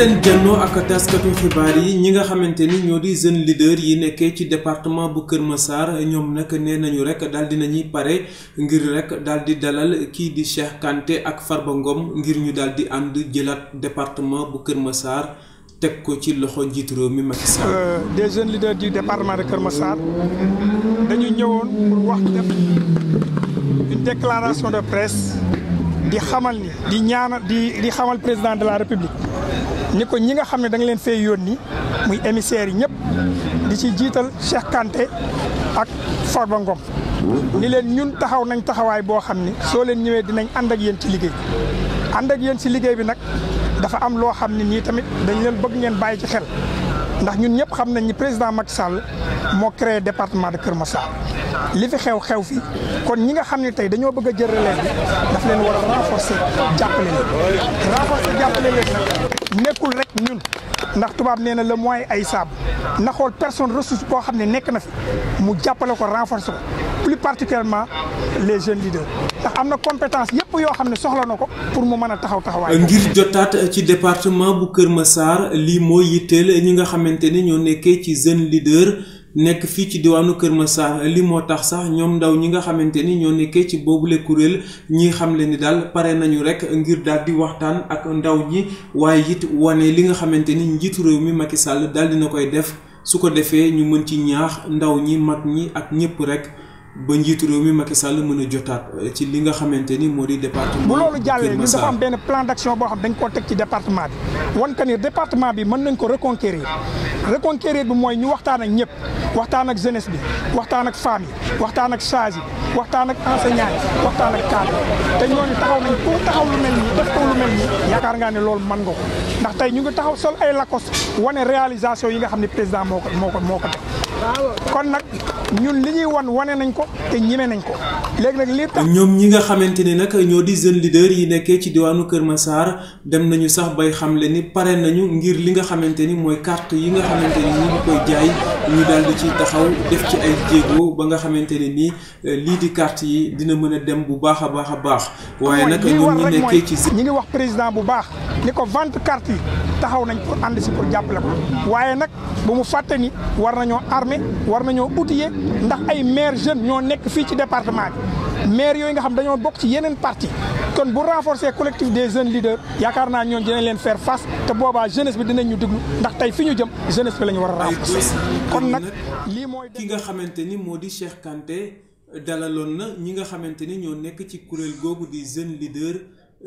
sen jannoo ak taskatu xibaar yi ñi nga xamanteni ñoo di jeune leader yi nekkee ci département bu Kër Massar ñom nak nee nañu rek dal di nañuy pare ngir rek dal di dalal ki di Cheikh Kanté ak Farba Ngom ngir ñu dal di and jëlat département bu Kër Massar tek ko ci loxo jitu rew mi Macky Sall. Euh, des jeunes leaders du département de Kër Massar dañu ñëwoon pour wax def une déclaration de presse di xamal ni di ñaanal di di xamal président de la république. ni ko ñi nga xam ne da nga leen fee yónni muy émissaires yi ñëpp di ci jiital Cheikh Kanté ak Farba Ngom ni leen ñun taxaw nañ taxawaay boo xam ne soo leen ñëwee dinañ ànd ak yéen ci liggéey ànd ak yéen ci liggéey bi nag dafa am loo xam ne nii tamit dañ leen bëgg ngeen bàyyi ci xel ndax ñun ñëpp xam nañ ni président Macky Sall moo créé département de Kër Massar li fi xew xew fi kon ñi nga xam ne tey dañoo bëgg a jël relève bi daf leen war a renforcer jàppale leen renforcer jàppale leen nag nekkul rek ñun ndax tubaab nee na le moyen ay saabu na xool personne ressource boo xam ne nekk na fi mu jàppale ko renforcer ko plus particulièrement les jeunes leaders ndax am na compétence yépp yoo xam ne soxla na ko pour mu mën a taxaw taxawaay. ngir jotaat ci département bu Kër Massar lii moo yitteel ñi nga xamante ne ñoo nekkee ci jeune leader. nekk fii ci diwaanu Kër ma Massar li moo tax sax ñoom ndaw ñi nga xamante ni ñoo nekkee ci boobu boobule kuréel ñi xam leen ni daal pare nañu rek ngir daal di waxtaan ak ndaw ñi waaye it wane li nga xamante ni njiitu réew mi Macky Sall daal koy def su ko defee ñu mën ci ñaax ndaw ñi mag ñi ak ñëpp rek ba njiitu réew mi Macky Sall mën a jotaat ci li nga xamante ni moo di département. bu loolu jàllee ñun dafa am benn plan d'action boo xam dañ koo teg ci département bi want que ni département bi mën nañ ko reconquérir. reconquérir bi mooy ñu waxtaan ak ñëpp waxtaan ak jeunesse bi waxtaan ak femmes waxtaan ak sages waxtaan ak enseignants yi waxtaan ak cadre te ñooñu taxaw nañ pour taxaw lu mel nii def ko mel nii yaakaar ngaa ne loolu man nga ko ndax tey ñu ngi taxaw sol ay lakos wane réalisation yi nga xam ne président moo ko moo ko moo kon nag ñun li ñuy wan wane nañ ko te ñeme nañ ko léegi nag li ñoom ñi nga xamante ni nag ñoo di jeune leader yi nekkee ci diwaanu Kër Massar dem nañu sax bay xamle ni pare nañu ngir li nga xamante ni mooy carte yi nga xamante ni ñi ngi ñu daal ci taxaw def ci ay jéego ba nga xamante ne nii euh, lii di carte yi dina mën a dem bu baax a baax a baax waaye nag ñoom ñi nekkee ci ñi ngi wax président bu baax ni ko vente carte yi taxaw nañ pour ànd si pour jàppale ko waaye nag bu mu fàtte ni war nañoo armé war nañoo outillé ndax ay maire jeune ñoo nekk fii ci département bi maire yooyu nga xam dañoo bokk ci yeneen parti kon bu renforcer collectif des jeunes leaders yaakaar naa ñoo dinañ leen faire face te boobaa jeunesse bi dinañ ñu déglu ndax tey fi ñu jëm jeunesse bi la ñu war a renforcer kon nag lii mooy ki nga xamante ni moo di Cheikh Kanté dalaloon na ñi nga xamante ni ñoo nekk ci kuréel googu di jeune leader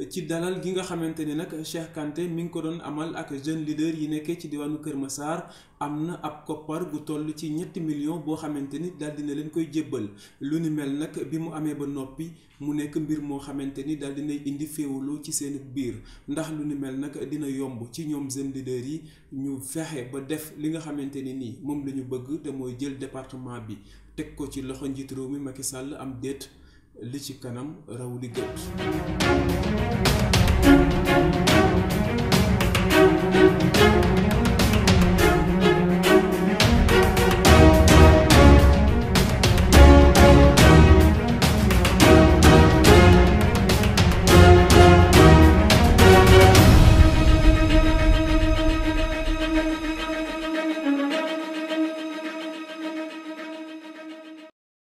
ci dalal gi nga xamante ne nag Cheikh Kanté mi ngi ko doon amal ak jeune leader yi nekkee ci diwaanu Kër Massar am na ab koppar gu toll ci ñetti million boo xamante ni daal dina leen koy jébbal lu ni mel nag bi mu amee ba noppi mu nekk mbir moo xamante ni daal dinay indi féewuloo ci seen biir ndax lu ni mel nag dina yomb ci ñoom jeune leader yi ñu fexe ba def li nga xamante ni nii moom lañu bëgg te mooy jël département bi teg ko ci loxo njiitu réew mi Macky Sall am déet li ci kanam raw li gët